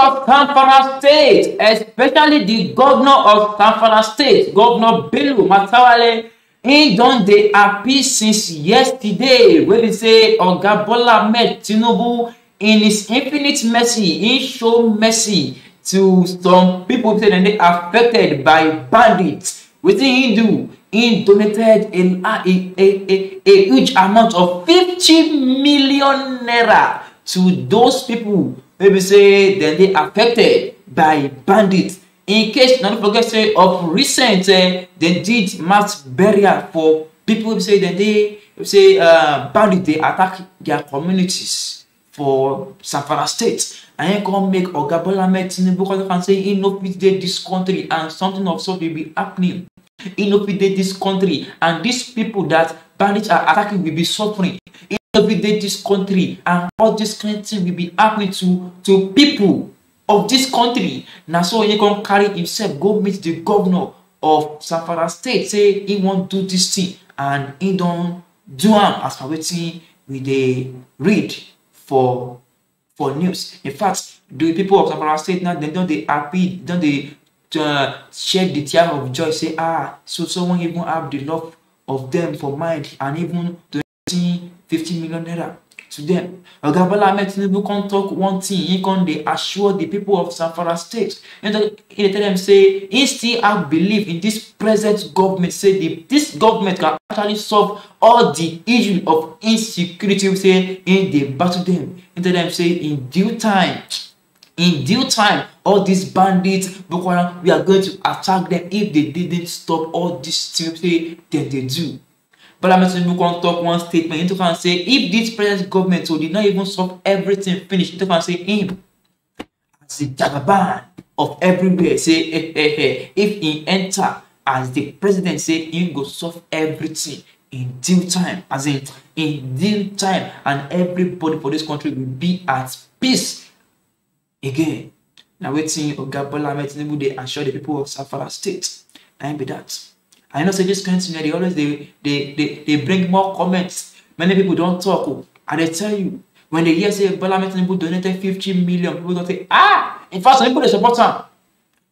of Zamfara State, especially the governor of Zamfara State, Governor Bello Matawale, in don dey appeal since yesterday Where they say Oga Bola Ahmed Tinubu in his infinite mercy, he showed mercy to some people say dem dey affected by bandits. Wetin he do? He donated a, a, a, a, a huge amount of 50 million naira to those people maybe say dem dey affected by bandits in case na no forget say of recent uh, eh, dem did mass burial for people wey say dem dey wey say uh, bandits dey attack their communities for samfara state and him come make oga bola ahmed tinubu come talk am say he no fit dey dis country and something of sort will be happening he no fit dey dis country and dis people that bandits are attacking will be suffering To elevate this country and how this country will be happy to to people of this country na so onyekun carry himself go meet the governor of zamfara state say he wan do this thing and he don do am as per wetin we dey read for for news in fact the people of zamfara state now dem don dey happy don dey uh, shed the tear of joy say ah so someone even have the love of them for mind and even to see 50 million naira to them. Oga Bola Ahmed Tinubu come talk one thing, he come dey assure the people of Zamfara state. He tell, tell them say he still have belief in this present government say the, this government can actually solve all the issues of insecurity say in dey battle them. He tell them say in due time in due time all these bandits boko haram we are going to attack them if they didn't stop all these things say dem dey do Parliament Tinubu can talk one statement. Into can say if this present government so did not even solve everything finish, into can say him as the Jagaban of everywhere. Say eh, eh, eh, eh. if he enter as the president, say he go solve everything in due time. As in in due time, and everybody for this country will be at peace again. Now waiting Oga Bola Tinubu they assure the people of Safara State. I be that. I know say this country they always they they they, they bring more comments. Many people don't talk. Oh. And I tell you, when they hear say Bola Tinubu donated 50 million, people don't say, ah, in fact, some people they support him.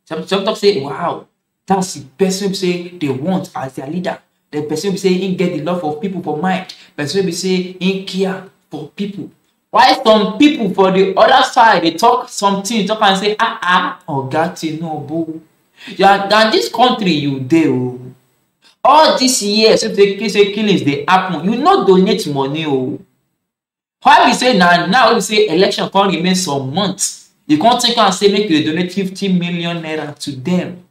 Some some talk say, wow, that's the person say they want as their leader. The person will say he get the love of people for mind. Person will say he care for people. Why some people for the other side they talk something, talk and say, ah ah, Oga boo." Yeah, that this country you deal. Oh, all these years if they say killings dey happen you no donate money o oh. why be say na now be say election come remain some months you come think am say make you dey donate fifty million naira to dem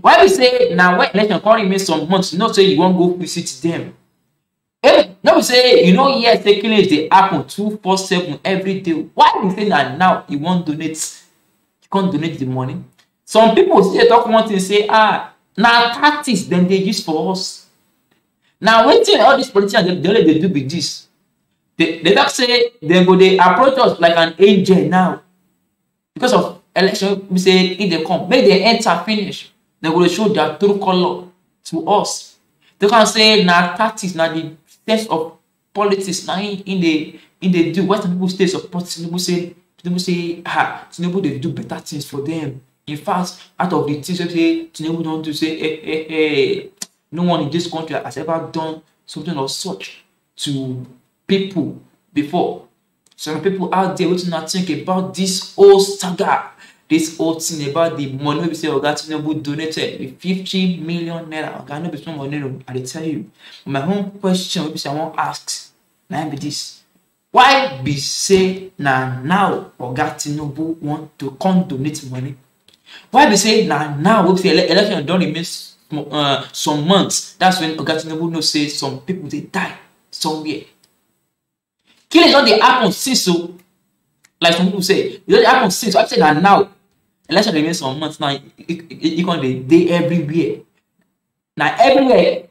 why be say na when election come remain some months you know say you wan go visit dem Hey, no be say you no hear say killings dey happen two four seven every day why be say na now you wan donate you come donate the money some people still dey talk one thing say ah na tactics dem dey use for us na wetin all these politicians dem dey dey do be this they they talk say dem go dey approach us like an angel now because of election be say if dem come make dem enter finish dem go dey show their true colour to us they come say na tactics na the test of politics na im im dey im dey do western people state support tinubu say tinubu say ah tinubu dey do better things for them. In fact, out of the things say Tinubu don do say, hey, eh, eh, hey, eh, hey, no one in this country has ever done something of such to people before. Some people out there wetin una think about this whole saga, this whole thing about the money wey be say Oga Tinubu donated the fifty million naira. Oga no be small money o, I dey tell you. My own question wey be say I wan ask na be this. Why be say na now Oga Tinubu want to come donate money Why they say now now we say election don't remain uh, some months. That's when Oga Tinubu know say some people they die somewhere. Killing don't they happen since so like some people say it e don't happen since. So I say that now election remain some months now. You e, e, can they they everywhere. Now everywhere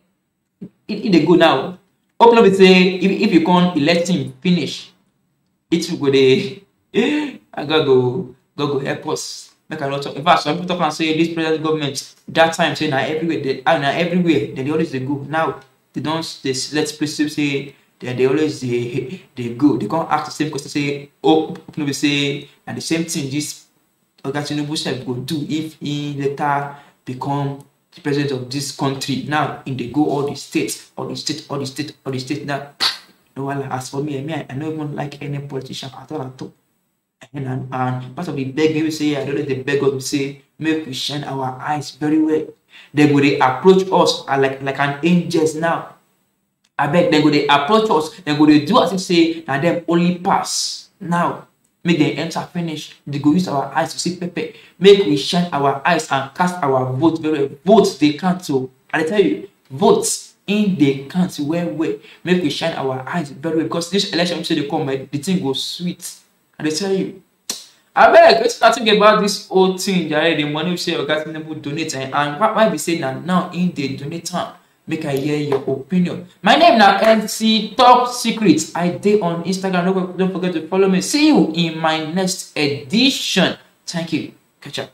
it, it go now. Open up say if, if you can't elect him finish, it will go there. I gotta go go go help us make i no talk in fact some people talk am say this president government That time say na everywhere ah, na everywhere dem dey always dey go now dem don dey select places say dem dey always dey dey go dey come ask the same question say oh people no be say na the same thing This oga tinubu sef go do if he later become the president of this country now he dey go all the states all the states all the states all the states now no wahala as for me i mean i no even like any politician at all at all And, and, and part of the begging, we say, I don't know if they beg God, we say, make we shine our eyes very well. They go, they approach us uh, like, like an angels now. I beg, they go, they approach us, they go, they do as if say, now them only pass. Now, make they enter finish. They go use our eyes to see Pepe. Make we shine our eyes and cast our vote very well. Votes they can't. So, I tell you, votes in the country well well make we shine our eyes very well because this election say they come eh, the thing goes sweet I they tell you abeg wetin una think about this whole thing jare the money wey say oga tinubu donate eh, and, and why be say na now im dey donate am make i hear your opinion my name na mc top secret i dey on instagram don't, don't forget to follow me see you in my next edition thank you catch up